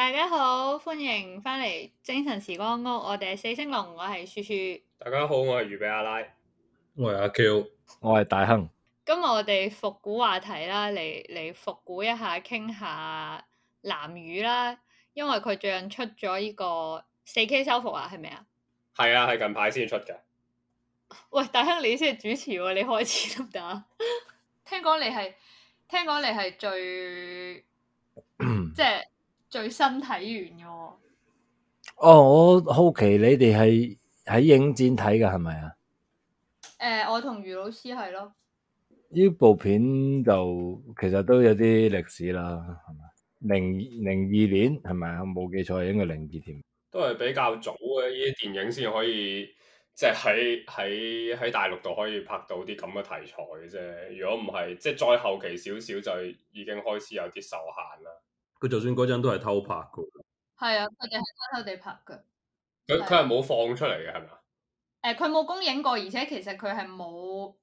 大家好，歡迎翻嚟精神時光屋。我哋係四星龍，我係舒舒。大家好，我係魚比阿拉，我係阿 Q，我係大亨。今日我哋復古話題啦，嚟嚟復古一下，傾下藍宇啦。因為佢最近出咗依個四 K 修復啊，係咪啊？係啊，係近排先出嘅。喂，大亨，你先係主持，啊，你開始得唔得啊？聽講你係，聽講你係最，即係。 就是最新睇完嘅。哦，哦，我好奇你哋係喺影展睇嘅，係咪啊？誒，我同余老師係咯。呢部片就其實都有啲歷史啦，係咪？零零二年係咪啊？冇記錯係應該零二添。都係比較早嘅呢啲電影先可以，即係喺喺喺大陸度可以拍到啲咁嘅題材嘅啫。如果唔係，即係再後期少少就已經開始有啲受限啦。佢就算嗰陣都係偷拍嘅，係啊，佢哋係偷偷哋拍嘅。佢佢係冇放出嚟嘅，係咪啊？誒、呃，佢冇公映過，而且其實佢係冇，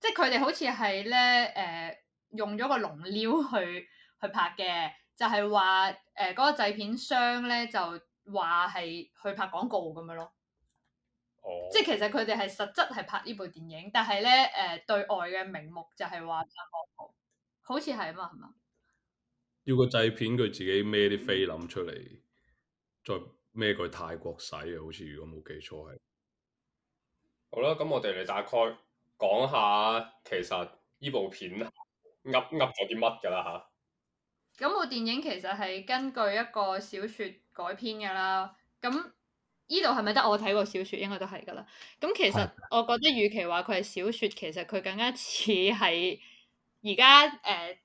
即係佢哋好似係咧誒，用咗個龍鷯去去拍嘅，就係話誒，嗰個製片商咧就話係去拍廣告咁樣咯。哦，oh。即係其實佢哋係實質係拍呢部電影，但係咧誒，對外嘅名目就係話拍廣告，好似係啊嘛係嘛。要個製片，佢自己孭啲菲林諗出嚟，再孭佢。泰國洗啊！好似如果冇記錯係。好啦，咁我哋嚟大概講下，其實呢部片噏噏咗啲乜噶啦吓。咁部電影其實係根據一個小說改編噶啦，咁呢度係咪得我睇過小說應該都係噶啦。咁其實我覺得，與其話佢係小說，其實佢更加似係而家誒。呃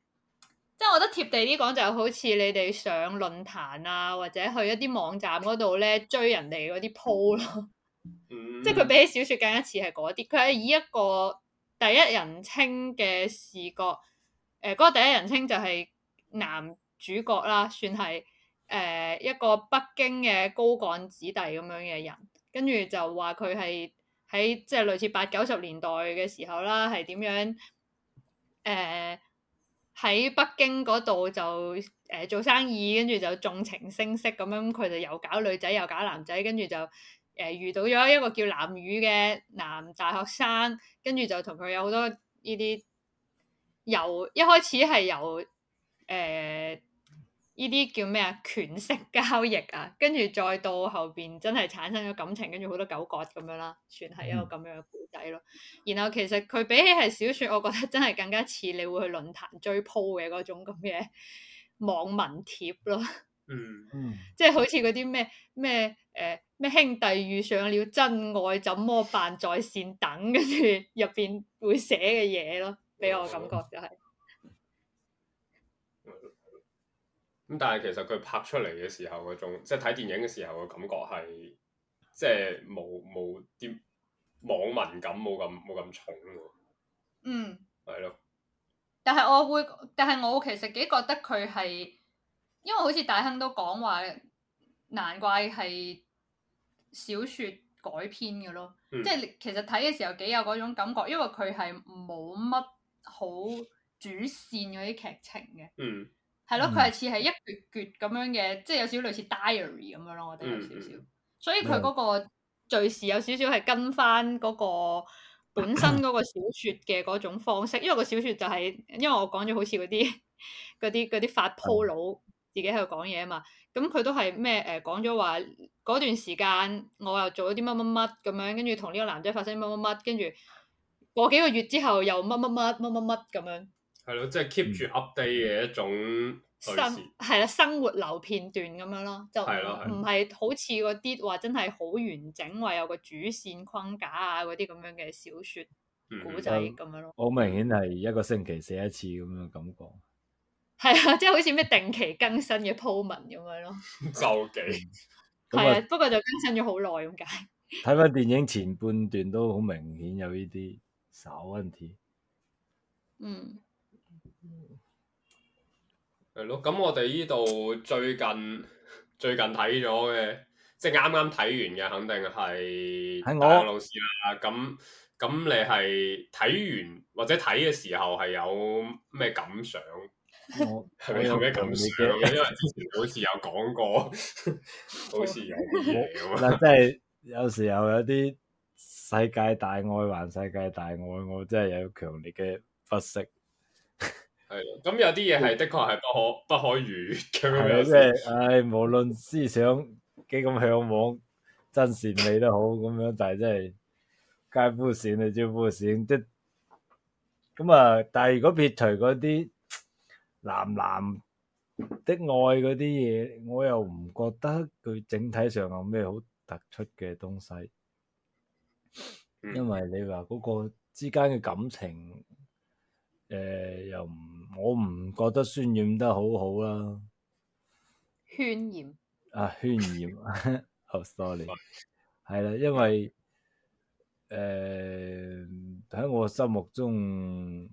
即係我覺得貼地啲講，就好似你哋上論壇啊，或者去一啲網站嗰度咧追人哋嗰啲 po 咯。嗯、即係佢比起小説更加似係嗰啲，佢係以一個第一人稱嘅視角。誒、呃，嗰、嗰個第一人稱就係男主角啦，算係誒、呃、一個北京嘅高幹子弟咁樣嘅人，跟住就話佢係喺即係類似八九十年代嘅時候啦，係點樣誒？呃喺北京嗰度就誒、呃、做生意，跟住就縱情聲色咁樣，佢就又搞女仔，又搞男仔，跟住就誒、呃、遇到咗一個叫藍宇嘅男大學生，跟住就同佢有好多呢啲由一開始係由誒呢啲叫咩啊，權色交易啊，跟住再到後邊真係產生咗感情，跟住好多糾葛咁樣啦，算係一個咁樣。嗯仔咯，然後其實佢比起係小說，我覺得真係更加似你會去論壇追鋪嘅嗰種咁嘅網民貼咯。嗯，即係好似嗰啲咩咩誒咩兄弟遇上了真愛怎麼辦在線等，跟住入邊會寫嘅嘢咯，俾我感覺就係、是。咁 但係其實佢拍出嚟嘅時候嗰種，即係睇電影嘅時候嘅感覺係，即係冇冇啲。網民感冇咁冇咁重喎，嗯，係咯的，但係我會，但係我其實幾覺得佢係，因為好似大亨都講話，難怪係小説改編嘅咯，嗯、即係其實睇嘅時候幾有嗰種感覺，因為佢係冇乜好主線嗰啲劇情嘅，嗯，係咯的，佢係似係一頁頁咁樣嘅，即係有少少類似 diary 咁樣咯，我覺得有少少，嗯、所以佢嗰、嗰個。嗯敘事有少少係跟翻嗰個本身嗰個小説嘅嗰種方式，因為個小説就係、是、因為我講咗好似嗰啲啲啲發鋪佬自己喺度講嘢啊嘛，咁佢都係咩誒講咗話嗰段時間我又做咗啲乜乜乜咁樣，跟住同呢個男仔發生乜乜乜，跟住過幾個月之後又乜乜乜乜乜乜咁樣，係咯，即、就、係、是、keep 住 update 嘅一種。生係啦，生活流片段咁樣咯，就唔係的好似嗰啲話真係好完整，話有個主線框架啊，嗰啲咁樣嘅小說、古仔咁樣咯。嗯嗯嗯嗯、好明顯係一個星期寫一次咁樣感覺。係啊， 即係好似咩定期更新嘅鋪文咁樣咯。就幾係啊，不過就更新咗好耐咁解。睇翻電影前半段都好明顯有呢啲小問題。嗯。係咯，咁我哋呢度最近最近睇咗嘅，即係啱啱睇完嘅，肯定係大老師啦。咁咁我你係睇完或者睇嘅時候係有咩感想？係咪我有咩感想？想，因為之前好似有講過， 好似有嘢咁。嗱，即係有時候有啲世界大愛還世界大愛，我真係有強烈嘅不適。係咁有啲嘢係的確係不可不可如咁樣，即係，唉，無論思想幾咁向往真善美都好，咁樣，但係真係皆乎善啊，招呼善即。咁啊，但係如果撇除嗰啲男男的愛嗰啲嘢，我又唔覺得佢整體上有咩好突出嘅東西，因為你話嗰個之間嘅感情，誒，又唔。我唔覺得渲染得好好、啊、啦，渲染炎啊渲染，好、 oh, sorry，係啦， 因為誒喺、呃、我心目中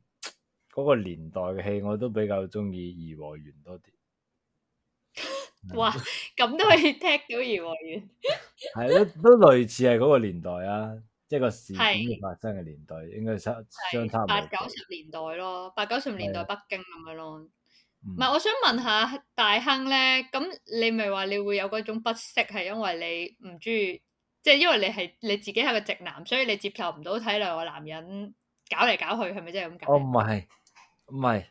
嗰、嗰個年代嘅戲，我都比較中意頤和園多啲。 哇，咁都可以踢到頤和園，係 咯，都類似係嗰個年代啊。即係個事件發生嘅年代，是應該相相差八九十年代咯，八九十年代北京咁樣咯。唔係的，我想問下大亨咧，咁你咪話你會有嗰種不適，係因為你唔中意，即係因為你係你自己係個直男，所以你接受唔到睇兩個男人搞嚟搞去，係咪即係咁解？哦，唔係唔係，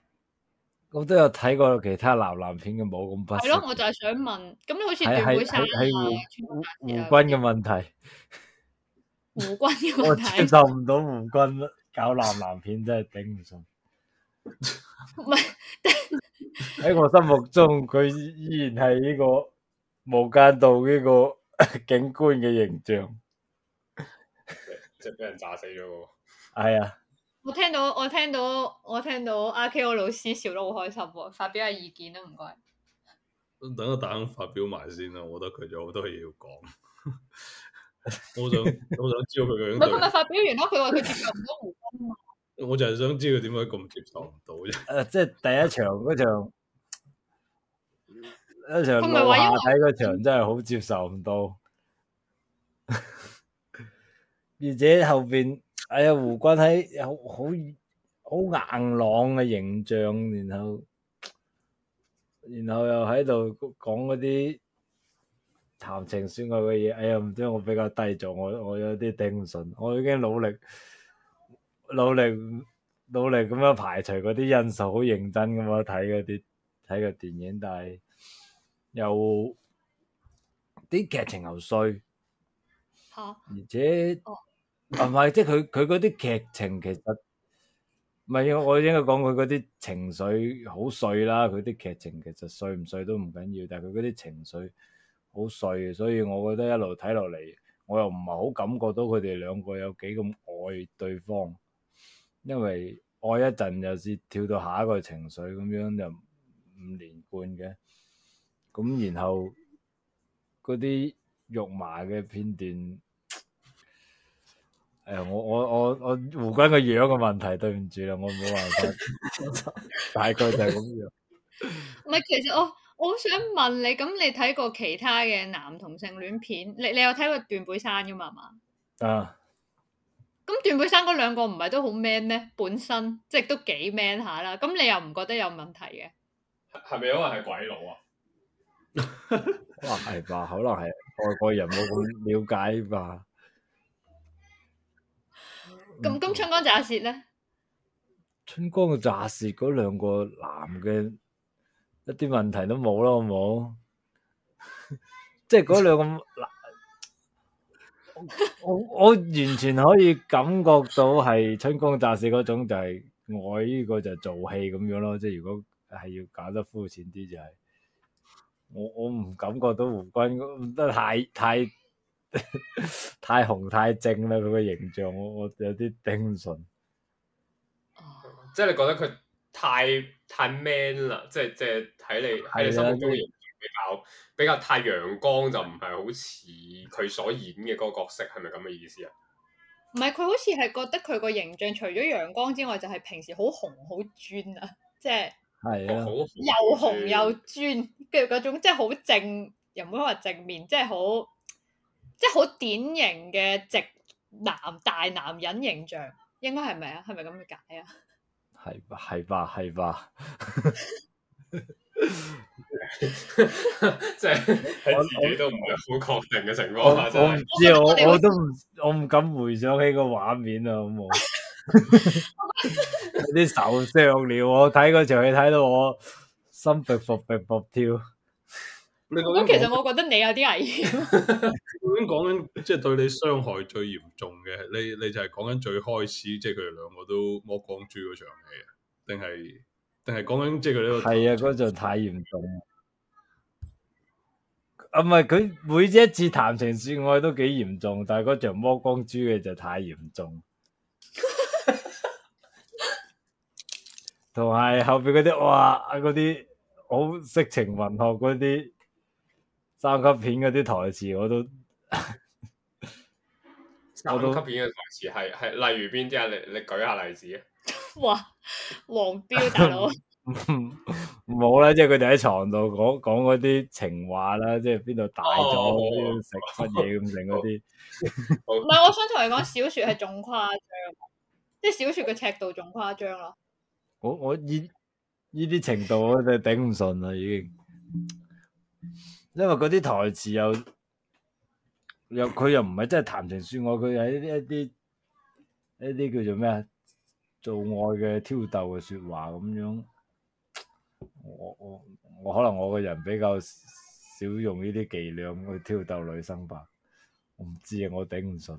我都有睇過其他男男片嘅，冇咁不適咯。我就係想問，咁你好似段偉三啊、胡胡軍嘅問題。 胡軍，我接受唔到胡軍搞男男片真係頂唔順。唔係，喺我心目中佢依然係呢個無間道呢個警官嘅形象， 即係俾人炸死咗、嗰個，係啊、 哎呀！我聽到我聽到我聽到阿 Ko 老師笑得好開心喎，發表下意見啦、啊，唔該。等個大亨發表埋先啦，我覺得佢有好多嘢要講。 我想我想知道佢樣。唔今日咪發表完咯？佢話佢接受唔到胡軍啊。我就係想知道佢點解咁接受唔到啫。誒，即係第一場嗰場， 一場龍睇，嗰場真係好接受唔到。 而且後邊，哎呀，胡軍喺好好好硬朗嘅形象，然後然後又喺度講嗰啲。談情說愛嘅嘢，哎呀，唔知我比較低俗，我我有啲頂唔順。我已經努力努力努力咁樣排除嗰啲因素，好認真咁樣睇嗰啲睇個電影，但係又啲劇情又衰。吓、啊，而且唔係，哦啊、即係佢佢嗰啲劇情其實唔係我應該講佢嗰啲情緒好碎啦。佢啲劇情其實碎唔碎都唔緊要，但係佢嗰啲情緒。好碎嘅，所以我覺得一路睇落嚟，我又唔係好感覺到佢哋兩個有幾咁愛對方，因為愛一陣又是跳到下一個情緒咁樣就五連貫嘅，咁然後嗰啲肉麻嘅片段，誒，我我我我胡軍個樣嘅問題，對唔住啦，我冇辦法， 大概就係咁樣。唔係，其實我。我想問你，咁你睇過其他嘅男同性戀片？你你有睇過斷背山噶嘛？啊！咁斷背山嗰兩個唔係都好 man 咩？本身即係都幾 man 下啦。咁你又唔覺得有問題嘅？係係咪因為係鬼佬啊？可能係吧，可能係外國人冇咁了解吧。咁咁春光乍洩咧？春光乍洩嗰兩個男嘅。一啲問題都冇咯，好唔好？即係嗰兩個嗱，我我完全可以感覺到係春光乍泄嗰種，就係我呢個就做戲咁樣咯。即係如果係要搞得膚淺啲，就係我我唔感覺到胡軍都太太太紅太正啦，佢個形象，我我有啲頂唔順。哦，即係你覺得佢太？太 man 啦，即係即係睇你喺你心目中嘅形象比較的比較太陽光，就唔係好似佢所演嘅嗰個角色，係咪咁嘅意思啊？唔係佢好似係覺得佢個形象除咗陽光之外，就係平時好紅好專啊，即係係啊，的又紅又專，跟住嗰種即係好正，又唔好話正面，即係好即係好典型嘅直男大男人形象，應該係咪啊？係咪咁嘅解啊？係吧，係吧，係吧，即係我自己都唔係好確定嘅情況下，我唔知，我我，我都唔，我唔敢回想起個畫面啊，好冇有啲受傷了，我睇嗰場戲睇到我心噗噗噗噗跳。咁其實我覺得你有啲危險。咁講緊即係對你傷害最嚴重嘅，你你就係講緊最開始，即係佢哋兩個都剝光豬嗰場戲、就是、啊？定係定係講緊即係佢呢個？係啊，嗰場太嚴重。啊唔係，佢每一次談情說愛都幾嚴重，但係嗰場剝光豬嘅就太嚴重。同埋 後邊嗰啲，哇！嗰啲好色情文學嗰啲。三級片嗰啲台詞我都，我都三級片嘅台詞係係例如邊啲啊？你你舉下例子啊？哇，黃標大佬，冇啦、 就是，即係佢哋喺床度講講嗰啲情話啦，即係邊度大咗要食乜嘢咁剩嗰啲。唔係，我想同你講小說係仲誇張，即、就、係、是、小說嘅尺度仲誇張咯。我我依依啲程度我就頂唔順啦，已經。因為嗰啲台詞又又佢又唔係真係談情說愛，佢係一啲一啲叫做咩啊？做愛嘅挑逗嘅說話咁樣。我我我可能我個人比較少用呢啲伎倆去挑逗女生吧。我唔知啊，我頂唔順。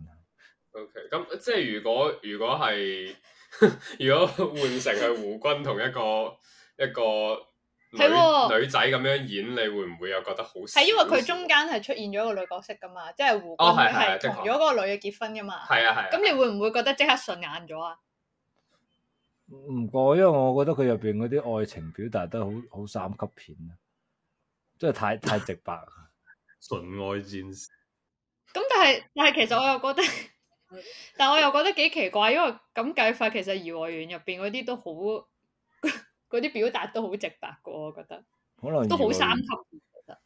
O K，咁即係如果如果係 如果換成係胡軍同一個 一個。係女、哦、女仔咁樣演，你會唔會又覺得好少少？係因為佢中間係出現咗一個女角色噶嘛，即係胡軍。佢係同咗嗰個女嘅結婚噶嘛，係啊，係咁你會唔會覺得即刻順眼咗啊？唔過，因為我覺得佢入邊嗰啲愛情表達得好好三級片啊，即係太太直白啊，《純 愛戰士》。咁但係但係，其實我又覺得， 但係我又覺得幾奇怪，因為咁計法，其實《頤和園》入邊嗰啲都好。嗰啲表達都好直白㗎，我覺得，可能都好三級。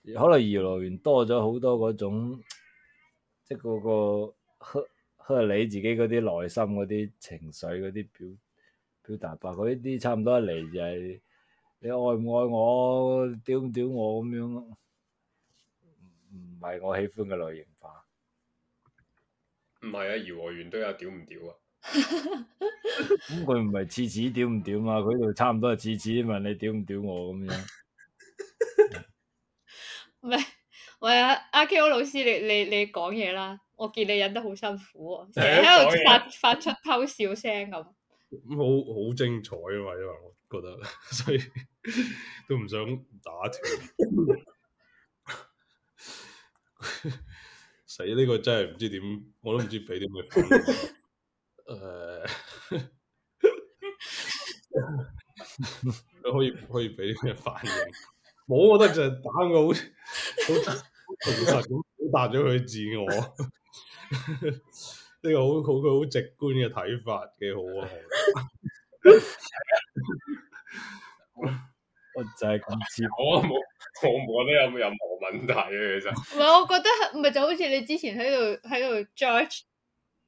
其實可能頤和園多咗好多嗰種，即係嗰個呵呵你自己嗰啲內心嗰啲情緒嗰啲表表達法，佢呢啲差唔多嚟就係你愛唔愛我，屌唔屌我咁樣，唔唔係我喜歡嘅類型化。唔係啊，頤和園都有屌唔屌啊。咁佢唔係次次屌唔屌嘛？佢度差唔多係次次問你屌唔屌我咁樣。唔係， 喂阿 Ko 老師，你你你講嘢啦！我見你忍得好辛苦，成日喺度發話發出偷笑聲咁。咁 好好精彩啊嘛，因為我覺得，所以 都唔想打斷。 死！呢個真係唔知點，我都唔知俾啲咩。 誒， 可以唔可以俾咩反應？我覺得就係打個好好誠實咁表達咗佢自我，呢個好好佢好直觀嘅睇法，幾好啊！我就係講自我冇我冇覺得有冇任何問題。其實唔係，我覺得唔係就好似你之前喺度喺度 judge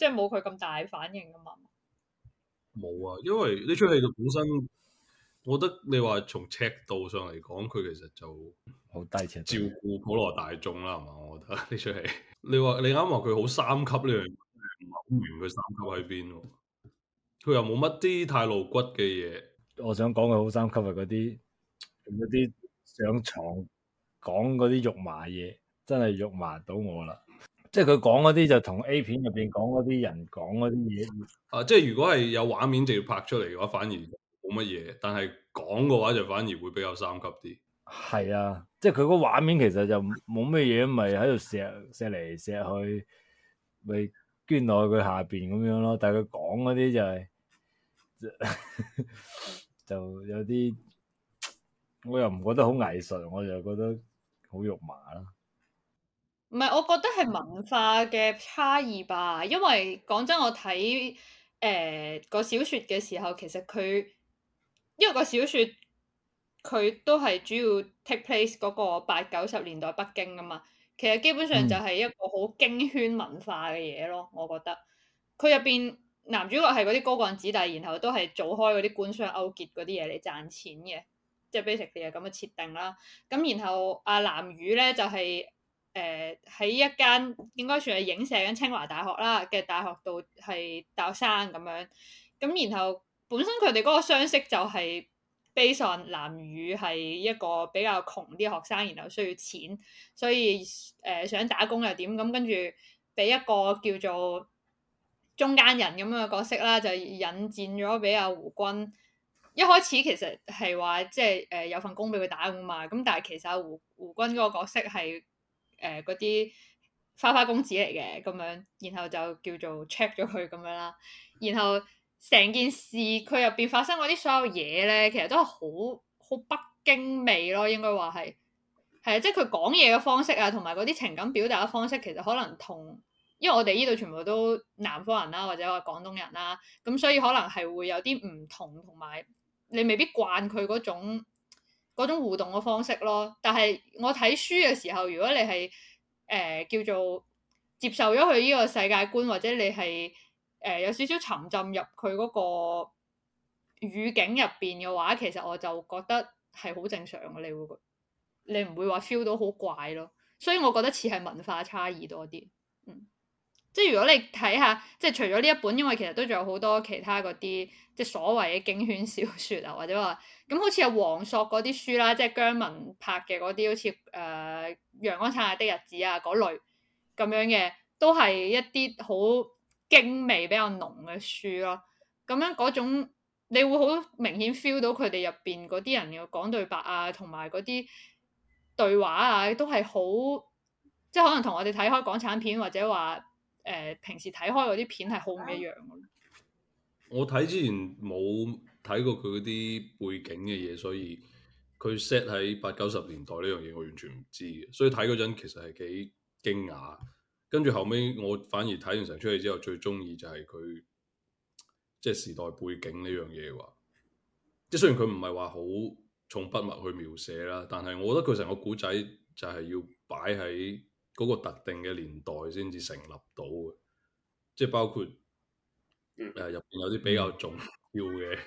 即係冇佢咁大反應啊嘛，冇啊，因為呢出戲就本身，我覺得你話從尺度上嚟講，佢其實就好低情照顧普羅大眾啦，係嘛？我覺得呢出戲，你話你啱話佢好三級呢樣，唔係好明佢三級喺邊喎？佢又冇乜啲太露骨嘅嘢。我想講佢好三級係嗰啲，嗰啲上牀講嗰啲肉麻嘢，真係肉麻到我啦～即係佢講嗰啲就同 A 片入邊講嗰啲人講嗰啲嘢，啊，即係如果係有畫面就要拍出嚟嘅話，反而冇乜嘢。但係講嘅話就反而會比較三級啲。係啊，即係佢個畫面其實就冇咩嘢，咪喺度射射嚟射去，咪捐落去佢下邊咁樣咯。但係佢講嗰啲就係、是、就, 就有啲，我又唔覺得好藝術，我就覺得好肉麻啦。唔係，我覺得係文化嘅差異吧。因為講真，我睇誒、呃嗰個小説嘅時候，其實佢因為個小説佢都係主要 take place 嗰個八九十年代北京㗎嘛。其實基本上就係一個好京圈文化嘅嘢咯，我覺得。佢入邊男主角係嗰啲高幹子弟，然後都係做開嗰啲官商勾結嗰啲嘢嚟賺錢嘅，即係 basically 係咁嘅設定啦。咁然後阿、啊、藍宇咧就係、是。誒喺、呃、一間應該算係影射緊清華大學啦嘅大學度係大學生咁樣，咁然後本身佢哋嗰個相識就係 because 藍宇係一個比較窮啲學生，然後需要錢，所以誒、呃、想打工又點咁跟住俾一個叫做中間人咁樣嘅角色啦，就引薦咗俾阿胡軍。一開始其實係話即係誒有份工俾佢打噶嘛，咁但係其實阿胡胡軍嗰個角色係。誒嗰啲花花公子嚟嘅咁樣，然後就叫做 check 咗佢咁樣啦，然後成件事佢入邊發生嗰啲所有嘢咧，其實都係好好北京味咯，應該話係係啊，即係佢講嘢嘅方式啊，同埋嗰啲情感表達嘅方式，其實可能同因為我哋呢度全部都南方人啦、啊，或者話廣東人啦、啊，咁所以可能係會有啲唔同，同埋你未必慣佢嗰種。嗰種互動嘅方式咯，但係我睇書嘅時候，如果你係誒、呃、叫做接受咗佢呢個世界觀，或者你係誒、呃、有少少沉浸入佢嗰個語境入邊嘅話，其實我就覺得係好正常嘅，你會覺得，你唔會話 feel 到好怪咯，所以我覺得似係文化差異多啲。即係如果你睇下，即係除咗呢一本，因為其實都仲有好多其他嗰啲，即係所謂嘅警犬小說啊，或者話，咁好似阿王朔嗰啲書啦，即係姜文拍嘅嗰啲，好似誒《陽光燦爛的日子》啊嗰類咁樣嘅，都係一啲好京味比較濃嘅書咯。咁樣嗰種你會好明顯 feel 到佢哋入邊嗰啲人嘅講對白啊，同埋嗰啲對話啊，都係好，即係可能同我哋睇開港產片或者話。誒平時睇開嗰啲片係好唔一樣。我睇之前冇睇過佢嗰啲背景嘅嘢，所以佢 set 喺八九十年代呢樣嘢，我完全唔知。所以睇嗰陣其實係幾驚訝。跟住後尾我反而睇完成出嚟之後最，最鍾意就係佢即係時代背景呢樣嘢喎。即係雖然佢唔係話好重筆墨去描寫啦，但係我覺得佢成個故仔就係要擺喺。嗰個特定嘅年代先至成立到嘅，即係包括誒入邊有啲比較重要嘅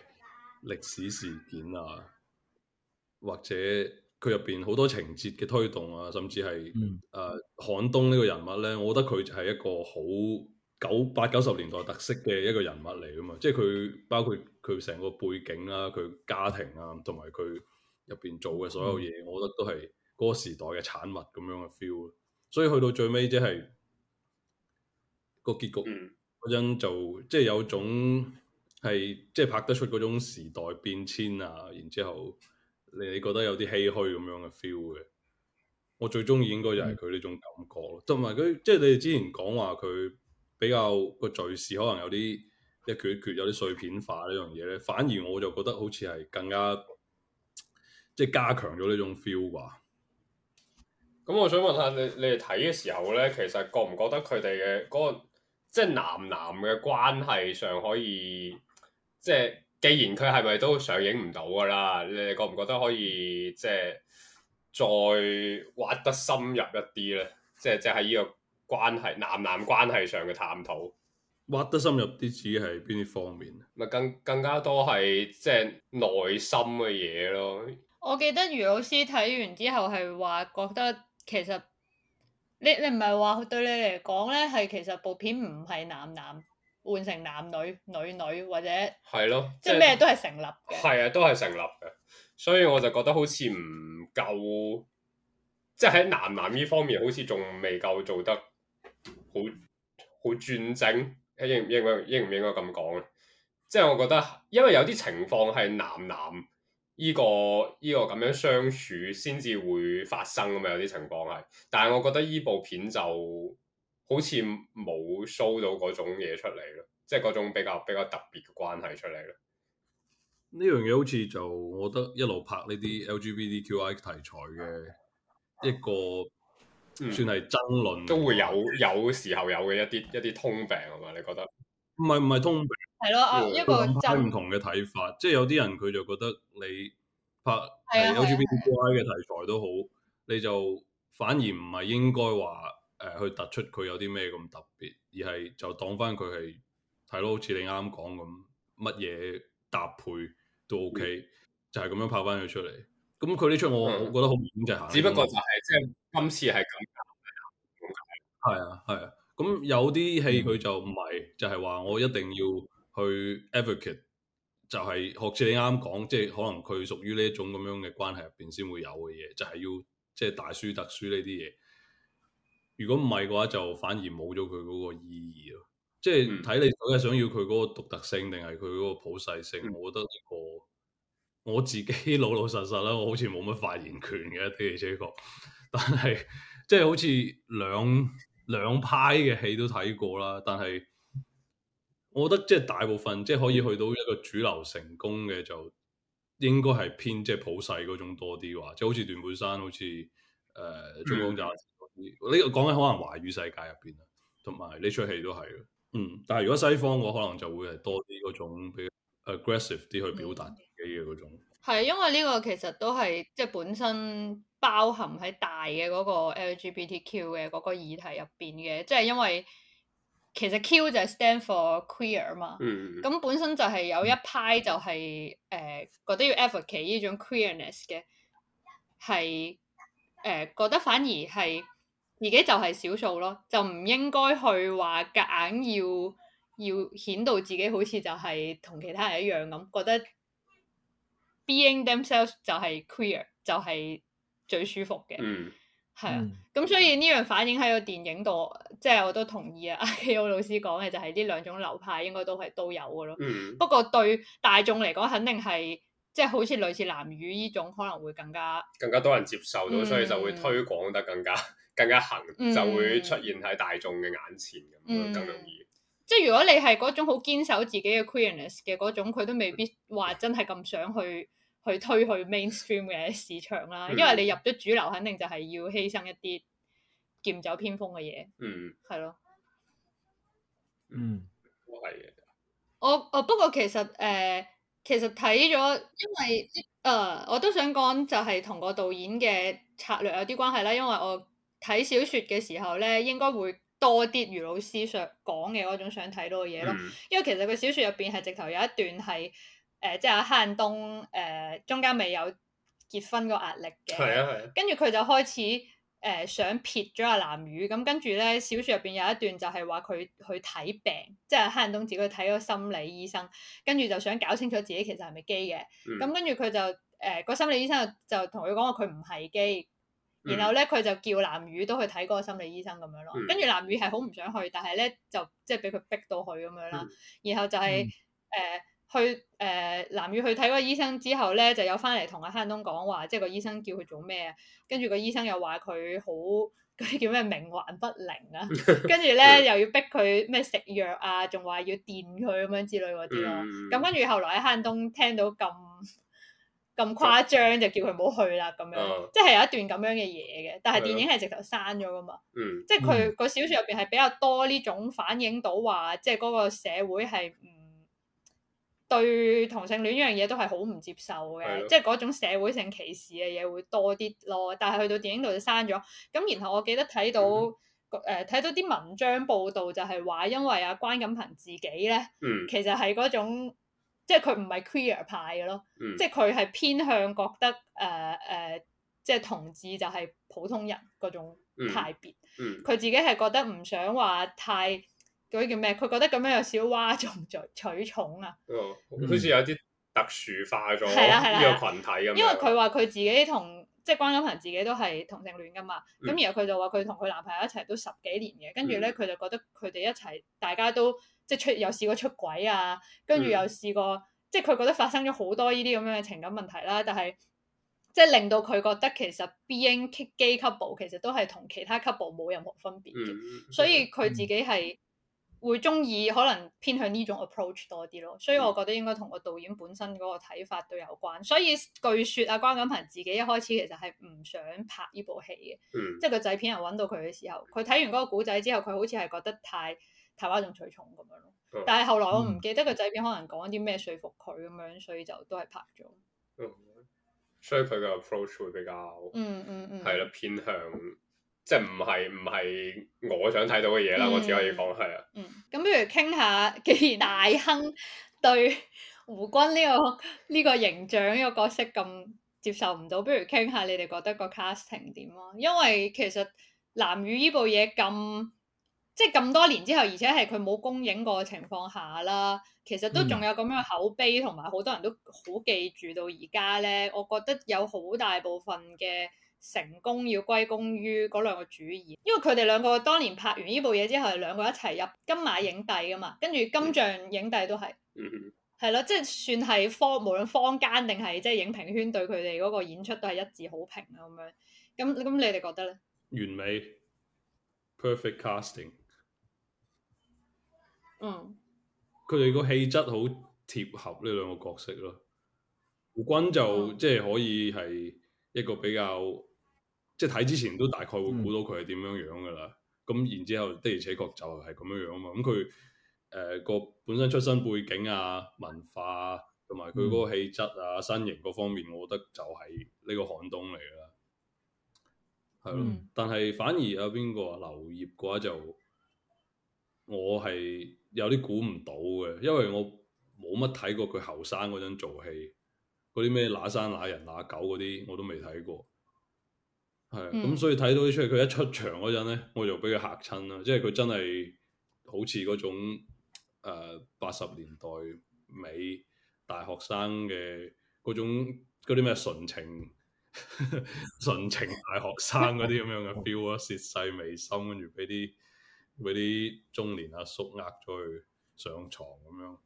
歷史事件啊，或者佢入邊好多情節嘅推動啊，甚至係誒漢東呢個人物咧，我覺得佢就係一個好九八九十年代特色嘅一個人物嚟啊嘛。即係佢包括佢成個背景啊，佢家庭啊，同埋佢入邊做嘅所有嘢，嗯、我覺得都係嗰個時代嘅產物咁樣嘅 feel。所以去到最尾、就是，即係個結局嗰陣，就即、是、係有種係即係拍得出嗰種時代變遷啊，然之後你你覺得有啲唏噓咁樣嘅 feel 嘅。我最中意應該就係佢呢種感覺咯，同埋佢即係你哋之前講話佢比較個敘事可能有啲一缺一缺有啲碎片化呢樣嘢咧，反而我就覺得好似係更加即係、就是、加強咗呢種 feel 啩。咁我想問下你，你哋睇嘅時候咧，其實覺唔覺得佢哋嘅嗰個即係、就是、男男嘅關係上可以即係，就是、既然佢係咪都上映唔到噶啦？你哋覺唔覺得可以即係、就是、再挖得深入一啲咧？即係即係喺呢個關係，男男關係上嘅探討挖得深入啲，只係邊啲方面啊？咪更更加多係即係內心嘅嘢咯。我記得余老師睇完之後係話覺得。其實你你唔係話對你嚟講咧，係其實部片唔係男男換成男女女女或者係咯，的即係咩都係成立。係啊，都係成立嘅，所以我就覺得好似唔夠，即係喺男男呢方面好似仲未夠做得好好專精。應應唔應唔應唔應該咁講啊？即係我覺得，因為有啲情況係男男。依、這個依、這個咁樣相處先至會發生咁嘛，有啲情況係，但係我覺得依部片就好似冇 show 到嗰種嘢出嚟咯，即係嗰種比較比較特別嘅關係出嚟咯。呢樣嘢好似就我覺得一路拍呢啲 LGBTQI 題材嘅一個算係爭論、嗯，都會有有時候有嘅一啲一啲通病係嘛？你覺得？唔係唔係通病。係咯， 一個真唔同嘅睇法，即係有啲人佢就覺得你拍是、啊、有 LGBT 嘅題材都好，是啊是啊你就反而唔係應該話誒去突出佢有啲咩咁特別，而係就當翻佢係睇咯，好似你啱啱講咁，乜嘢搭配都 OK、嗯、就係咁樣拍翻佢出嚟。咁佢呢出我我覺得好穩就係，嗯、只不過就係即係今次係咁。係啊係啊，咁、啊啊、有啲戲佢就唔係，嗯、就係話我一定要。去 advocate 就係學似你啱講，即係可能佢屬於呢一種咁樣嘅關係入邊先會有嘅嘢，就係要即係大書特書呢啲嘢。如果唔係嘅話，就反而冇咗佢嗰個意義咯。即係睇你究竟想要佢嗰個獨特性定係佢嗰個普世性。我覺得呢個我自己老老實實啦，我好似冇乜發言權嘅一啲嘅呢個，但係即係好似兩兩派嘅戲都睇過啦，但係。我覺得即係大部分即係可以去到一個主流成功嘅，嗯、就應該係偏即係普世嗰種多啲嘅話，即係好似斷背山好似誒、呃、中公雜嗰啲。呢個、嗯、講緊可能華語世界入邊啦，同埋呢出戲都係咯。嗯，但係如果西方嘅話，可能就會係多啲嗰種比較 aggressive 啲去表達自己嘅嗰種。係、嗯，因為呢個其實都係即係本身包含喺大嘅嗰個 LGBTQ 嘅嗰個議題入邊嘅，即、就、係、是、因為。其實 Q 就係 stand for queer 嘛，咁、嗯、本身就係有一批就係、是、誒、uh, 覺得要 effort 呢種 queerness 嘅，係誒、uh, 覺得反而係自己就係少數咯，就唔應該去話夾硬要要顯到自己好似就係同其他人一樣咁，覺得 being themselves 就係 queer 就係最舒服嘅。嗯係啊，咁所以呢樣反映喺個電影度，即、就、係、是、我都同意啊。阿 耀老師講嘅就係呢兩種流派應該都係都有嘅咯。嗯、不過對大眾嚟講，肯定係即係好似類似藍宇呢種，可能會更加更加多人接受到，嗯、所以就會推廣得更加更加行，嗯、就會出現喺大眾嘅眼前咁，更容易。即係、嗯嗯就是、如果你係嗰種好堅守自己嘅 queerness 嘅嗰種，佢都未必話真係咁想去。去推去 mainstream 嘅市場啦，因為你入咗主流，肯定就係要犧牲一啲劍走偏鋒嘅嘢，嗯，係咯的，嗯，都係嘅。我哦不過其實誒、呃，其實睇咗，因為誒、呃、我都想講，就係同個導演嘅策略有啲關係啦。因為我睇小説嘅時候咧，應該會多啲余老師想講嘅嗰種想睇到嘅嘢咯。嗯、因為其實個小説入邊係直頭有一段係。誒、呃、即係阿黑人東，誒、呃、中間咪有結婚個壓力嘅，係啊係啊。跟住佢就開始誒、呃、想撇咗阿藍宇。咁跟住咧小説入邊有一段就係話佢去睇病，即係黑人東自己去睇個心理醫生，跟住就想搞清楚自己其實係咪基嘅。咁跟住佢就誒個心理醫生就同佢講話佢唔係基，然後咧佢就叫藍宇都去睇嗰個心理醫生咁樣咯。跟住藍宇係好唔想去，但係咧就即係俾佢逼到去咁樣啦。然後就係誒。去誒、呃、藍宇去睇個醫生之後咧，就有翻嚟同阿捍東講話，即係個醫生叫佢做咩？跟住個醫生又話佢好嗰啲叫咩冥頑不靈啊？ 跟住咧 又要逼佢咩食藥啊，仲話要電佢咁樣之類嗰啲咯。咁、嗯、跟住後來喺捍東聽到咁咁誇張，嗯、就叫佢唔好去啦咁樣。嗯、即係有一段咁樣嘅嘢嘅，但係電影係直頭刪咗噶嘛。即係佢個小説入邊係比較多呢種反映到話，即係嗰個社會係對同性戀呢樣嘢都係好唔接受嘅，的即係嗰種社會性歧視嘅嘢會多啲咯。但係去到電影度就刪咗。咁然後我記得睇到誒睇、嗯呃、到啲文章報道就係話，因為阿、啊、關錦鵬自己咧，嗯、其實係嗰種即係佢唔係 queer 派嘅咯，嗯、即係佢係偏向覺得誒誒、呃呃，即係同志就係普通人嗰種派別。佢、嗯嗯嗯、自己係覺得唔想話太。嗰啲叫咩？佢覺得咁樣有少少嘩眾取取寵啊！嗯、好似有啲特殊化咗呢個群體咁。因為佢話佢自己同即係關錦鵬自己都係同性戀噶嘛，咁、嗯、然後佢就話佢同佢男朋友一齊都十幾年嘅，跟住咧佢就覺得佢哋一齊大家都即係出有試過出軌啊，跟住又試過即係佢覺得發生咗好多呢啲咁樣嘅情感問題啦，但係即係令到佢覺得其實 being gay couple 其實都係同其他 couple 冇任何分別嘅，嗯嗯、所以佢自己係。會中意可能偏向呢種 approach 多啲咯，所以我覺得應該同個導演本身嗰個睇法都有關。所以據說啊，關錦鵬自己一開始其實係唔想拍呢部戲嘅，即係個製片人揾到佢嘅時候，佢睇完嗰個古仔之後，佢好似係覺得太太嘩眾取寵咁樣咯。哦、但係後來我唔記得個製片可能講啲咩說服佢咁樣，所以就都係拍咗、嗯。所以佢嘅 approach 會比較，嗯嗯嗯，係、嗯、咯、嗯，偏向。即係唔係唔係我想睇到嘅嘢啦，我只可以講係啊。嗯，咁、嗯、不如傾下既然大亨對胡軍呢、這個呢、這個形象呢個角色咁接受唔到，不如傾下你哋覺得個 casting 點啊？因為其實藍宇呢部嘢咁即係咁多年之後，而且係佢冇公映過嘅情況下啦，其實都仲有咁樣嘅口碑同埋好多人都好記住到而家呢。我覺得有好大部分嘅成功要歸功於嗰兩個主演，因為佢哋兩個當年拍完呢部嘢之後，係兩個一齊入金馬影帝㗎嘛，跟住金像影帝都係，係咯、嗯，即係算係方無論坊間定係即係影評圈對佢哋嗰個演出都係一致好評啊咁樣。咁咁你哋覺得呢？完美，perfect casting。嗯。佢哋個氣質好貼合呢兩個角色咯。胡軍就、嗯、即係可以係一個比較。即係睇之前都大概會估到佢係點樣樣噶啦，咁、嗯、然之後的而且確就係咁樣樣嘛。咁佢誒個本身出身背景啊、文化同埋佢嗰個氣質啊、啊嗯、身形各方面，我覺得就係呢個捍東嚟啦。係咯，嗯、但係反而有邊個劉燁嘅話就，我係有啲估唔到嘅，因為我冇乜睇過佢後生嗰陣做戲，嗰啲咩那山那人那狗嗰啲我都未睇過。係，咁所以睇到呢出戲，佢一出場嗰陣咧，我就俾佢嚇親啦。即係佢真係好似嗰種呃、八十年代尾大學生嘅嗰種嗰啲咩純情 純情大學生嗰啲咁樣嘅 feel 啊， 涉世未深，跟住俾啲俾啲中年阿叔呃咗去上床咁樣，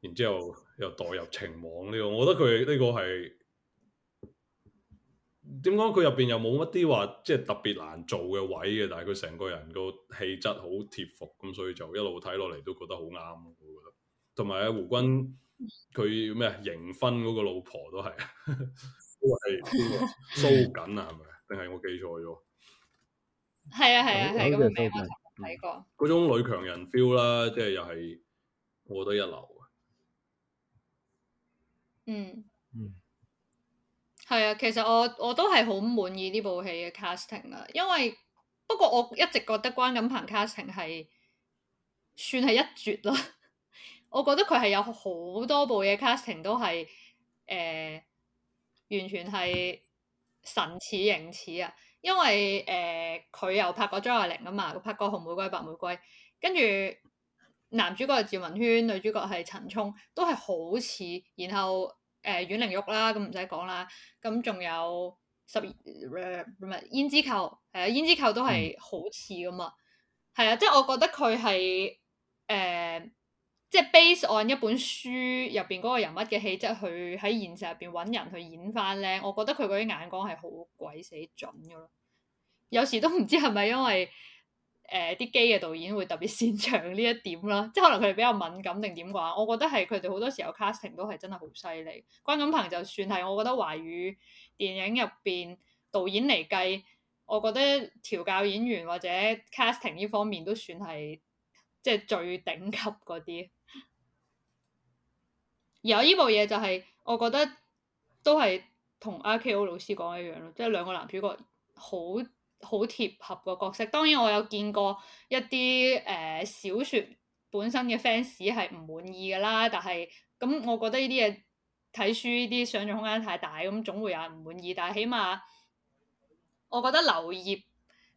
然之後又墮入情網呢、這個，我覺得佢呢、這個係。點講佢入邊又冇乜啲話，即係特別難做嘅位嘅，但係佢成個人個氣質好貼服，咁所以就一路睇落嚟都覺得好啱。我覺得同埋阿胡軍佢咩迎婚嗰個老婆都係 都係蘇瑾啊，係咪？定係我記錯咗？係 啊係啊係，咁嘅名我睇過。嗰、嗯、種女強人 feel 啦，即係又係，我覺得一流啊。嗯。嗯。係啊，其實我我都係好滿意呢部戲嘅 casting 啊。因為不過我一直覺得關錦鵬 casting 係算係一絕咯。我覺得佢係有好多部嘢 casting 都係誒、呃、完全係神似形似啊，因為誒佢又拍過張愛玲啊嘛，拍過紅玫瑰白玫瑰，跟住男主角係趙文瑄，女主角係陳沖，都係好似，然後。誒、呃、遠玲玉啦，咁唔使講啦，咁仲有十二唔係胭脂扣，誒胭脂扣都係好似噶嘛，係、嗯、啊、嗯，即係我覺得佢係誒即係 base on 一本書入邊嗰個人物嘅氣質去喺現實入邊揾人去演翻咧，我覺得佢嗰啲眼光係好鬼死準噶咯，有時都唔知係咪因為。誒啲 gay 嘅導演會特別擅長呢一點啦，即係可能佢哋比較敏感定點啩，我覺得係佢哋好多時候 casting 都係真係好犀利。關錦鵬就算係我覺得華語電影入邊導演嚟計，我覺得調教演員或者 casting 呢方面都算係即係最頂級嗰啲。有依部嘢就係、是、我覺得都係同阿 Ko 老師講一樣咯，即係兩個男主角好。好貼合個角色，當然我有見過一啲誒、呃、小說本身嘅 fans 係唔滿意嘅啦，但係咁、嗯、我覺得呢啲嘢睇書呢啲想象空間太大，咁總會有人唔滿意，但係起碼我覺得劉燁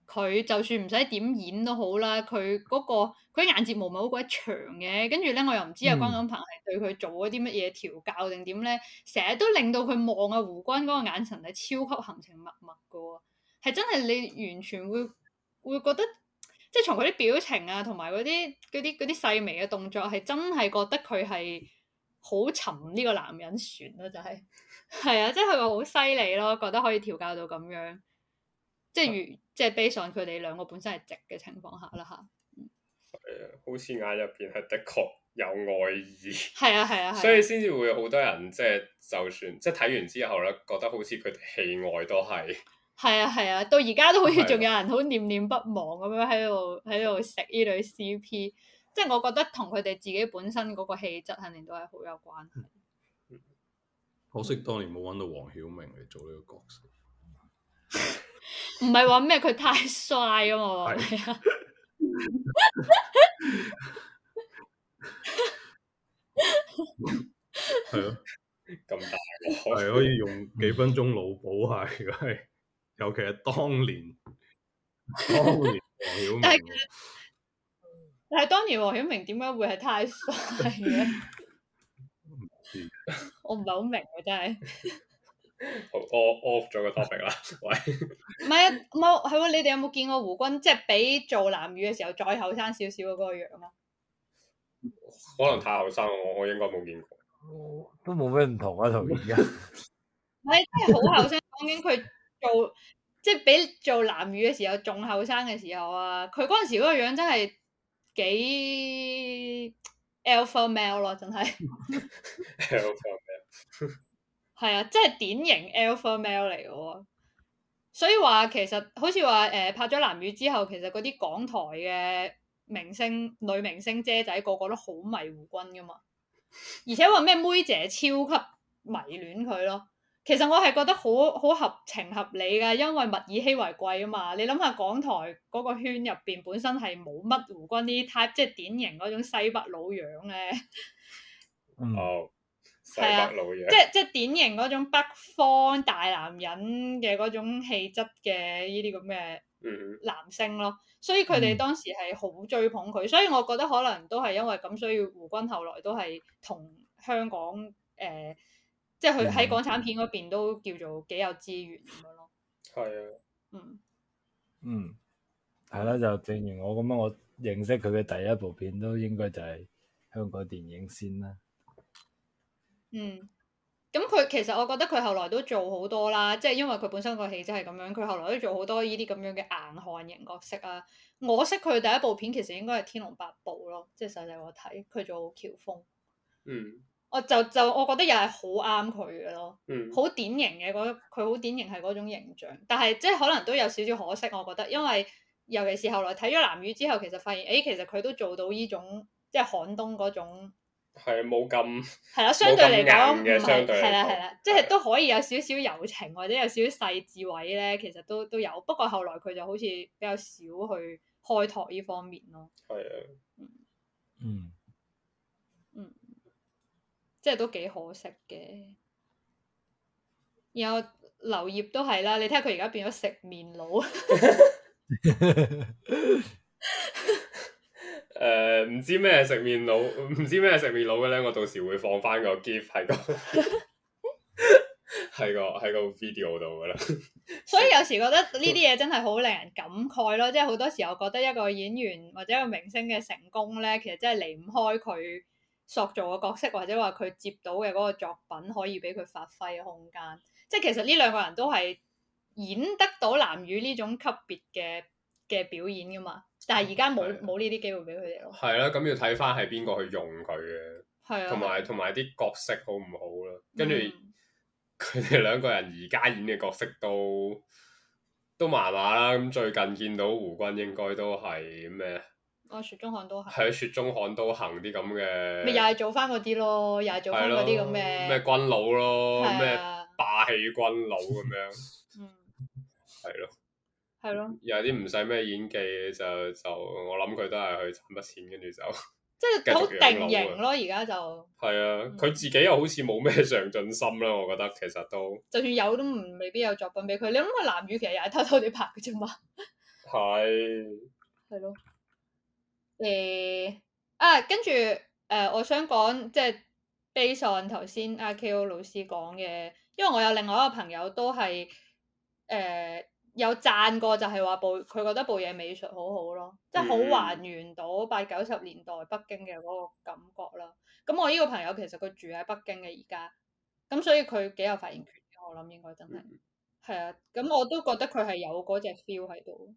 佢就算唔使點演都好啦，佢嗰、那個佢眼睫毛咪係好鬼長嘅，跟住咧我又唔知啊關錦鵬係對佢做咗啲乜嘢調教定點咧，成日、嗯、都令到佢望阿、啊、胡軍嗰個眼神係超級含情脈脈嘅喎。係真係你完全會會覺得，即係從佢啲表情啊，同埋嗰啲啲啲細微嘅動作，係真係覺得佢係好沉呢個男人船咯、啊，就係、係、係啊，即係佢好犀利咯，覺得可以調教到咁樣，即係如即係 base on 佢哋兩個本身係直嘅情況下啦，嚇、嗯。係、啊、好似眼入邊係的確有愛意。係啊，係啊，啊啊所以先至會好多人即係就算即係睇完之後咧，覺得好似佢哋戲外都係。係啊係啊，到而家都好似仲有人好念念不忘咁樣喺度喺度食呢對 CP，即係我覺得同佢哋自己本身嗰個氣質肯定都係好有關。可惜當年冇搵到黃曉明嚟做呢個角色，唔係搵咩？佢太帥啊嘛，係啊啊。係咯，咁大我係可以用幾分鐘腦補下，如果係。尤其係當年，當年黃曉 明但。但係當年黃曉明點解會係太帥咧？我唔知，我唔係好明，我真係。我我 off 咗個 topic 啦。喂，唔係唔係，係喎？你哋有冇見過胡軍即係比做藍宇嘅時候再後生少少嗰個樣啊？可能太後生，我我應該冇見過，都冇咩唔同啊。同而家，唔係真係好後生，講緊佢。 做即係比做藍宇嘅時候仲後生嘅時候啊，佢嗰陣時嗰個樣真係幾 alpha male 咯，真係。alpha male 係啊，即係典型 alpha male 嚟嘅。所以話其實好似話誒拍咗藍宇之後，其實嗰啲港台嘅明星女明星姐仔個,個個都好迷胡軍噶嘛，而且話咩妹姐超級迷戀佢咯。其實我係覺得好好合情合理㗎，因為物以稀為貴啊嘛。你諗下港台嗰個圈入邊本身係冇乜胡軍啲 type，即係典型嗰種西北佬樣咧。哦、嗯，啊、西北佬樣，即即典型嗰種北方大男人嘅嗰種氣質嘅呢啲咁嘅男星咯。嗯、所以佢哋當時係好追捧佢，嗯、所以我覺得可能都係因為咁，所以胡軍後來都係同香港誒。呃即係佢喺港產片嗰邊都叫做幾有資源咁樣咯。係啊。嗯。 嗯。係啦，就正如我咁樣，我認識佢嘅第一部片都應該就係香港電影先啦。嗯。咁佢其實我覺得佢後來都做好多啦，即係因為佢本身個氣質係咁樣，佢後來都做好多呢啲咁樣嘅硬漢型角色啊。我識佢第一部片其實應該係《天龍八部》咯，即係細細個睇佢做喬峰。嗯。我就就我覺得又係好啱佢嘅咯，好、嗯、典型嘅佢好典型係嗰種形象，但係即係可能都有少少可惜，我覺得，因為尤其是後來睇咗《藍宇》之後，其實發現，哎，其實佢都做到呢種即係寒冬嗰種，係冇咁係啦，相對嚟講唔係係啦係啦，即係啦啦都可以有少少友情或者有少少細緻位咧，其實都都有，不過後來佢就好似比較少去開拓呢方面咯，係啊，嗯嗯。的 即係都幾可惜嘅，然後劉燁都係啦，你睇下佢而家變咗食麵佬。誒，唔知咩食麵佬，唔知咩食麵佬嘅咧，我到時會放翻個 GIF 喺、那個喺、 那個喺個 video 度噶啦。 所以有時覺得呢啲嘢真係好令人感慨咯，即係好多時候覺得一個演員或者一個明星嘅成功咧，其實真係離唔開佢。塑造嘅角色，或者話佢接到嘅嗰個作品，可以俾佢發揮嘅空間。即係其實呢兩個人都係演得到藍宇呢種級別嘅嘅表演噶嘛，但係而家冇冇呢啲機會俾佢哋咯。係啦，咁要睇翻係邊個去用佢嘅，同埋同埋啲角色好唔好咯。跟住佢哋兩個人而家演嘅角色都都麻麻啦。咁最近見到胡軍應該都係咩？喺雪中悍刀行啲咁嘅，咪又係做翻嗰啲咯，又係做翻嗰啲咁嘅咩軍佬咯，咩霸氣軍佬咁樣，嗯，係咯，係咯，又係啲唔使咩演技嘅就就我諗佢都係去賺筆錢跟住就，即係好定型咯。而家就係啊，佢自己又好似冇咩上進心啦。我覺得其實都就算有都唔未必有作品俾佢。你諗佢藍宇其實又係偷偷哋拍嘅啫嘛，係係咯。誒啊，跟住誒，我想講即係悲喪頭先阿 Ko 老師講嘅，因為我有另外一個朋友都係誒、呃、有讚過，就係話部佢覺得部嘢美術好好咯，即係好還原到八九十年代北京嘅嗰個感覺咯。咁、嗯、我呢個朋友其實佢住喺北京嘅而家，咁所以佢幾有發言權我諗應該真係係、嗯、啊，咁我都覺得佢係有嗰隻 feel 喺度。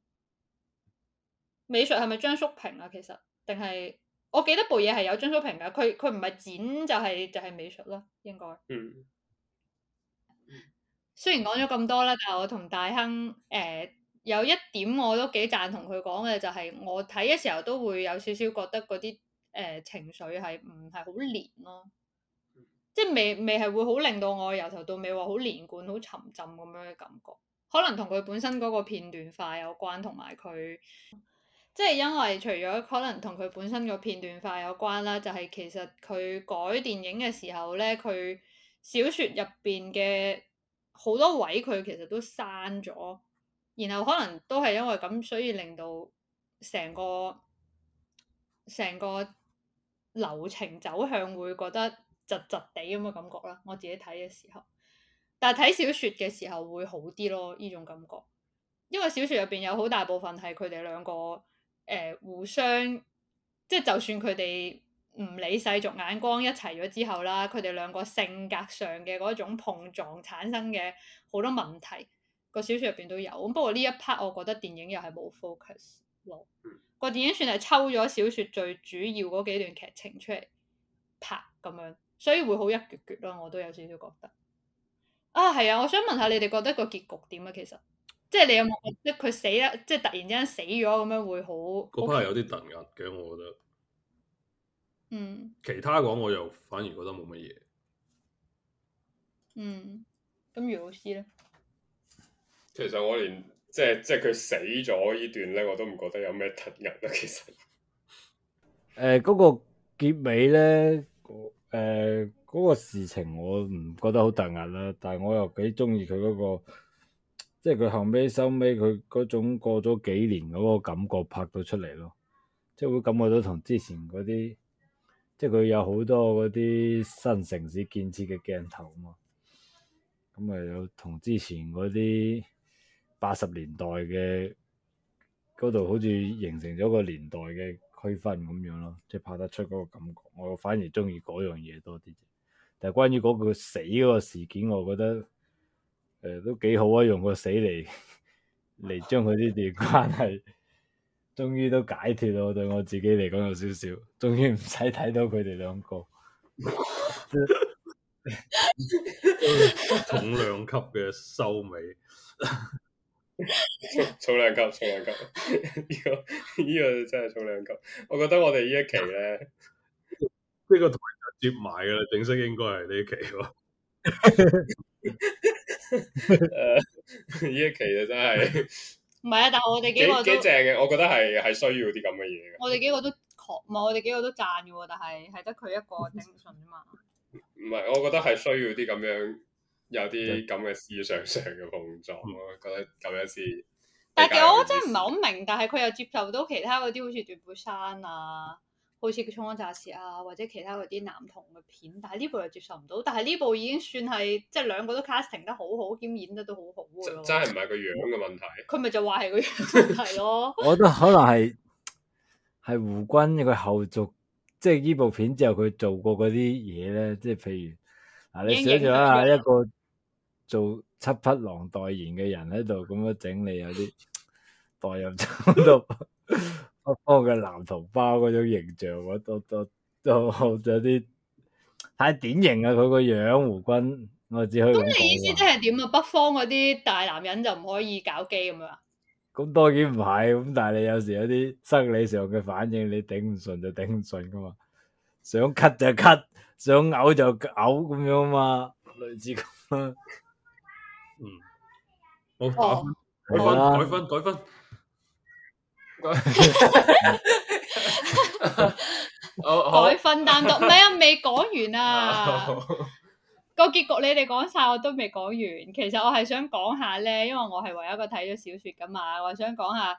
美術係咪張叔平啊？其實定係，我記得部嘢係有張叔平噶，佢佢唔係剪就係、是、就係、是、美術啦，應該。嗯。雖然講咗咁多啦，但係我同大亨誒、呃、有一點我都幾贊同佢講嘅，就係、是、我睇嘅時候都會有少少覺得嗰啲誒情緒係唔係好連咯、啊，即係未未係會好令到我由頭到尾話好連貫、好沉浸咁樣嘅感覺。可能同佢本身嗰個片段化有關，同埋佢。即係因為除咗可能同佢本身個片段化有關啦，就係、係、其實佢改電影嘅時候呢，佢小説入邊嘅好多位佢其實都刪咗，然後可能都係因為咁，所以令到成個成個流程走向會覺得窒窒地咁嘅感覺啦。我自己睇嘅時候，但係睇小説嘅時候會好啲咯，呢種感覺，因為小説入邊有好大部分係佢哋兩個。誒、呃、互相，即係就算佢哋唔理世俗眼光一齊咗之後啦，佢哋兩個性格上嘅嗰種碰撞產生嘅好多問題，個小説入邊都有。咁不過呢一 part 我覺得電影又係冇 focus 咯，個電影算係抽咗小説最主要嗰幾段劇情出嚟拍咁樣，所以會好一撅撅咯。我都有少少覺得。啊，係啊，我想問下你哋覺得個結局點啊？其實。即係你有冇覺得佢死咧？即係突然之間死咗咁樣會，會好個 part 係有啲突兀嘅，我覺得。嗯。其他嘅話我又反而覺得冇乜嘢。嗯。咁余老師咧？其實我連即係即係佢死咗呢段咧，我都唔覺得有咩突兀啦。其實。誒、呃，嗰個結尾咧，誒、呃、嗰個事情我唔覺得好突兀啦，但係我又幾中意佢嗰個。即係佢後尾收尾佢嗰種過咗幾年嗰個感覺拍到出嚟咯，即係會感覺到同之前嗰啲，即係佢有好多嗰啲新城市建設嘅鏡頭啊嘛，咁啊有同之前嗰啲八十年代嘅嗰度好似形成咗個年代嘅區分咁樣咯，即係拍得出嗰個感覺，我反而鍾意嗰樣嘢多啲啫。但係關於嗰個死嗰個事件，我覺得。誒、呃，都幾好啊！用個死嚟嚟將佢啲段關係，終於都解脫咯。對我自己嚟講，有少少，終於唔使睇到佢哋兩個 重量級嘅收尾，重量級，重量級。呢、 呢個呢、呢個真係重量級。我覺得我哋呢一期咧，呢個台接埋噶啦，正式應該係呢一期。 誒，呢一期啊，真係，唔係啊，但係我哋幾個都幾正嘅，我覺得係係需要啲咁嘅嘢嘅。我哋幾個都，唔係我哋幾個都讚嘅喎，但係係得佢一個頂唔順啊嘛。唔係，我覺得係需要啲咁樣，有啲咁嘅思想上嘅碰撞。我覺得咁樣先。但係我真係唔係好明，但係佢又接受到其他嗰啲好似段步山啊。好似佢《沖安炸事》啊，或者其他嗰啲男同嘅片，但係呢部又接受唔到。但係呢部已經算係即係兩個都 casting 得好好，兼演得都好好喎。真係唔係個樣嘅問題。佢咪就話係個樣嘅問題咯。 我都可能係係胡軍佢後續，即係呢部片之後佢做過嗰啲嘢咧，即係譬如嗱、啊，你想象一下一個做七匹狼代言嘅人喺度咁樣整理有啲代入度。 北方嘅男同胞嗰種形象，我都都都有啲太典型啊！佢個樣胡軍，我只可以咁。你意思，即係點啊？北方嗰啲大男人就唔可以搞基咁樣？咁當然唔係，咁但係你有時有啲生理上嘅反應，你頂唔順就頂唔順噶嘛，想咳就咳，想嘔就嘔咁樣嘛，類似咁啊。嗯，好，改分，改分，改分。 改分單獨，唔係啊，未講完啊。個 結局你哋講晒，我都未講完。其實我係想講下咧，因為我係唯一一個睇咗小說噶嘛。我想講下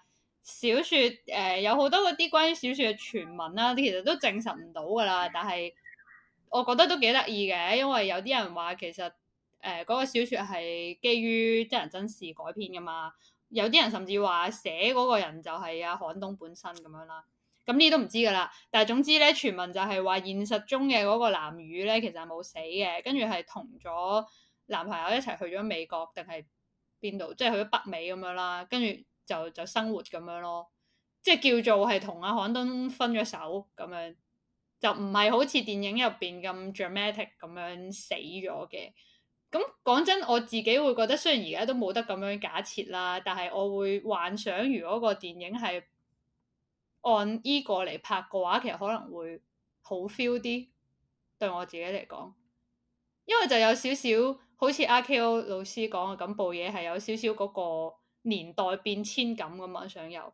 小說，誒、呃，有好多嗰啲關於小說嘅傳聞啦，其實都證實唔到噶啦。但係我覺得都幾得意嘅，因為有啲人話其實誒，嗰、呃那個小說係基於真人真事改編噶嘛。有啲人甚至話寫嗰個人就係阿捍東本身咁樣啦，咁呢都唔知噶啦。但係總之咧，傳聞就係話現實中嘅嗰個藍宇咧，其實係冇死嘅，跟住係同咗男朋友一齊去咗美國定係邊度，即係去咗北美咁樣啦，跟住就就生活咁樣咯，即係叫做係同阿捍東分咗手咁樣，就唔係好似電影入邊咁 dramatic 咁樣死咗嘅。咁講真，我自己會覺得雖然而家都冇得咁樣假設啦，但係我會幻想如果個電影係按依個嚟拍嘅話，其實可能會好 feel 啲，對我自己嚟講，因為就有少少好似阿 Ko 老師講嘅咁，部嘢係有少少嗰個年代變遷感咁啊，想有，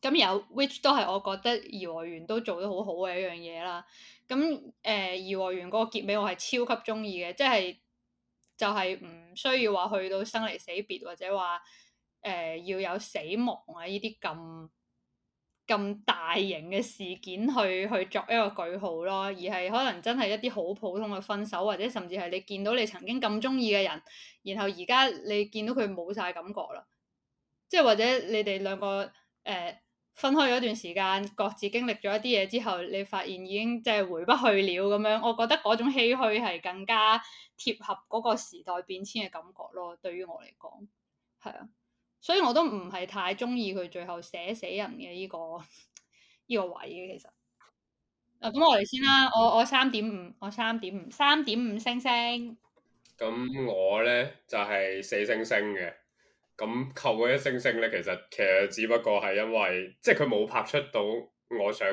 咁有 which 都係我覺得頤和園都做得好好嘅一樣嘢啦。咁誒、呃、頤和園嗰個結尾我係超級中意嘅，即係。就係唔需要話去到生離死別或者話誒、呃、要有死亡啊依啲咁咁大型嘅事件去去作一個句號咯，而係可能真係一啲好普通嘅分手，或者甚至係你見到你曾經咁中意嘅人，然後而家你見到佢冇晒感覺啦，即係或者你哋兩個誒。呃分開咗一段時間，各自經歷咗一啲嘢之後，你發現已經即係回不去了咁樣。我覺得嗰種唏噓係更加貼合嗰個時代變遷嘅感覺咯。對於我嚟講，係啊，所以我都唔係太中意佢最後寫死人嘅呢個呢 個位嘅其實。啊，咁我嚟先啦，我我三點五，我三點五，三點五星星。咁我咧就係四星星嘅。咁扣嗰一星星咧，其實其實只不過係因為，即係佢冇拍出到我想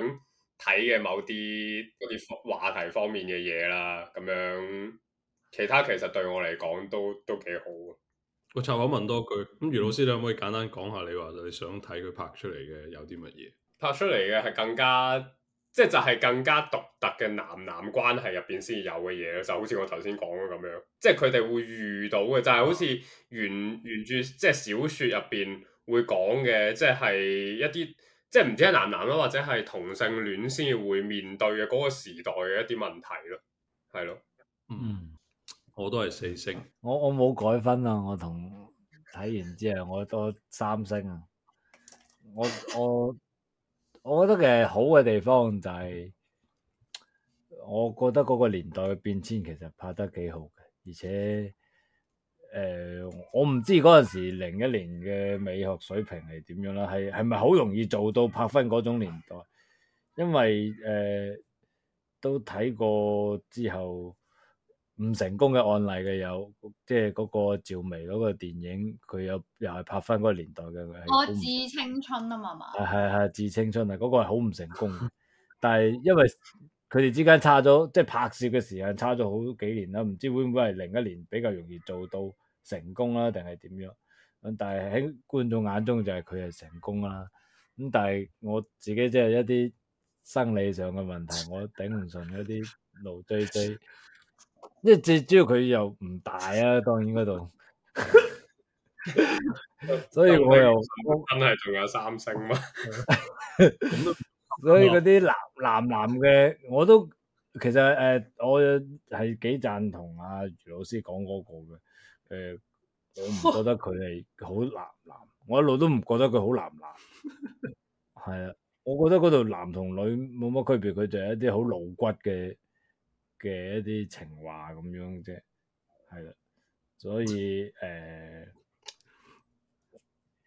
睇嘅某啲某啲話題方面嘅嘢啦。咁樣，其他其實對我嚟講都都幾好。我插口問多句，咁余老師、嗯、你可唔可以簡單講下你話你想睇佢拍出嚟嘅有啲乜嘢？拍出嚟嘅係更加。即係就係更加獨特嘅男男關係入邊先有嘅嘢咯，就好似我頭先講嘅咁樣，即係佢哋會遇到嘅就係、是、好似原原著即係、就是、小說入邊會講嘅，即、就、係、是、一啲即係唔知係男男啦，或者係同性戀先會面對嘅嗰個時代嘅一啲問題咯，係咯，嗯，我都係四星，我我冇改分啊。我同睇完之後我都三星啊，我我。我覺得嘅好嘅地方就係，我覺得嗰個年代嘅變遷其實拍得幾好嘅，而且誒、呃，我唔知嗰陣時零一年嘅美學水平係點樣啦，係係咪好容易做到拍分嗰種年代？因為誒、呃，都睇過之後。唔成功嘅案例嘅有，即係嗰個趙薇嗰個電影，佢又又係拍翻嗰個年代嘅。佢係，我致青春啊嘛嘛。係係係致青春啊，嗰個係好唔成功。 但係因為佢哋之間差咗，即係拍攝嘅時間差咗好幾年啦，唔知會唔會係零一年比較容易做到成功啦，定係點樣？咁但係喺觀眾眼中就係佢係成功啦。咁但係我自己即係一啲生理上嘅問題，我頂唔順一啲腦醉醉。 最主要佢又唔大啊，當然嗰度，所以我又梗係仲有三星嘛。 所以嗰啲男，男男男嘅我都其實誒、呃，我係幾贊同阿、啊、余老師講嗰個嘅誒、呃，我唔覺得佢係好男男，我一路都唔覺得佢好男男，係啊，我覺得嗰度男同女冇乜區別，佢就係一啲好露骨嘅。嘅一啲情話咁樣啫，係啦，所以誒，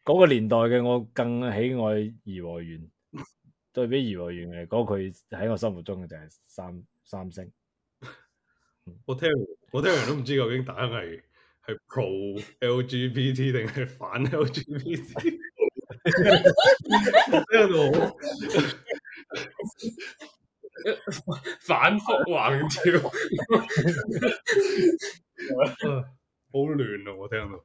嗰個年代嘅我更喜愛頤和園，對比頤和園嚟講，佢喺我心目中就係三三星。我聽我聽人都唔知究竟打係係 pro LGBT 定係反 LGBT？聽到。 反覆橫跳，好亂啊！我聽到，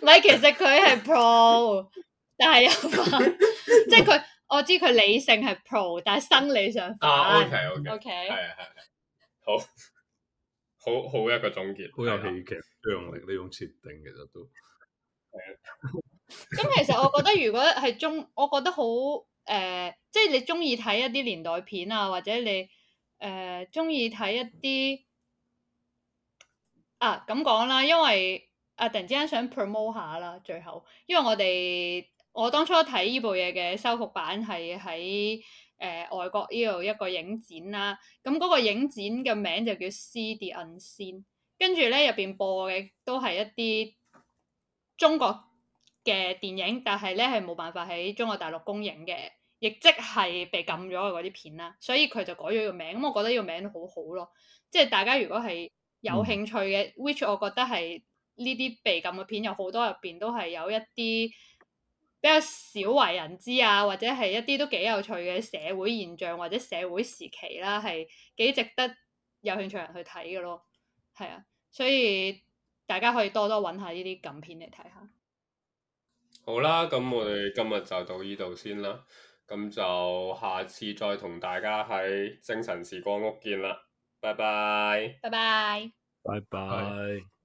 唔係，其實佢係 pro，但係有反，即係佢，我知佢理性係 pro，但係生理上反。o k o k o k 係啊，係、啊啊啊，好，好好一個總結，好有戲劇張力呢種設定，其實都係啊。咁 其實我覺得如果係中，我覺得好誒，即、呃、係、就是、你中意睇一啲年代片啊，或者你誒中意睇一啲啊咁講啦，因為啊突然之間想 promote 下啦，最後，因為我哋我當初睇呢部嘢嘅修復版係喺誒外國呢度一個影展啦，啊，咁嗰個影展嘅名就叫《See the Unseen》，跟住咧入邊播嘅都係一啲中國。嘅電影，但係咧係冇辦法喺中國大陸公映嘅，亦即係被禁咗嘅嗰啲片啦。所以佢就改咗個名，咁我覺得個名好好咯。即係大家如果係有興趣嘅，嗯，which 我覺得係呢啲被禁嘅片有好多入邊都係有一啲比較少為人知啊，或者係一啲都幾有趣嘅社會現象或者社會時期啦，係幾值得有興趣人去睇嘅咯。係啊，所以大家可以多多揾下呢啲禁片嚟睇下。好啦，咁我哋今日就到呢度先啦，咁就下次再同大家喺精神時光屋見啦，拜拜，拜拜，拜拜。